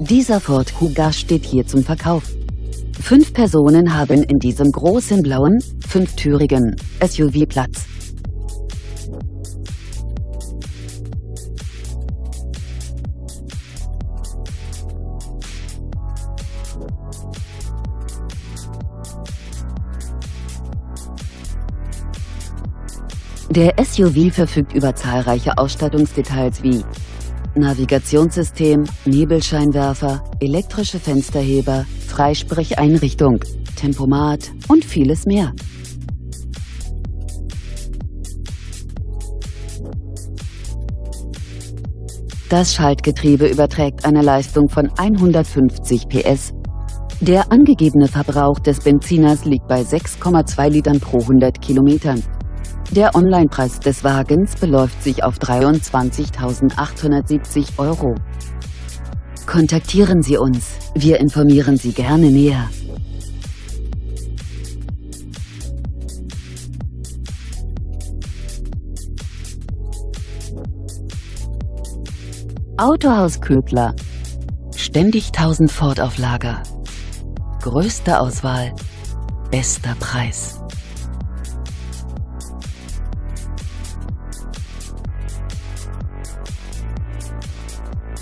Dieser Ford Kuga steht hier zum Verkauf. Fünf Personen haben in diesem großen blauen, fünftürigen SUV Platz. Der SUV verfügt über zahlreiche Ausstattungsdetails wie Navigationssystem, Nebelscheinwerfer, elektrische Fensterheber, Freisprecheinrichtung, Tempomat und vieles mehr. Das Schaltgetriebe überträgt eine Leistung von 150 PS. Der angegebene Verbrauch des Benziners liegt bei 6,2 Litern pro 100 Kilometern. Der Onlinepreis des Wagens beläuft sich auf 23.870 Euro. Kontaktieren Sie uns, wir informieren Sie gerne näher. Autohaus Ködler. Ständig 1000 Ford auf Lager. Größte Auswahl, bester Preis.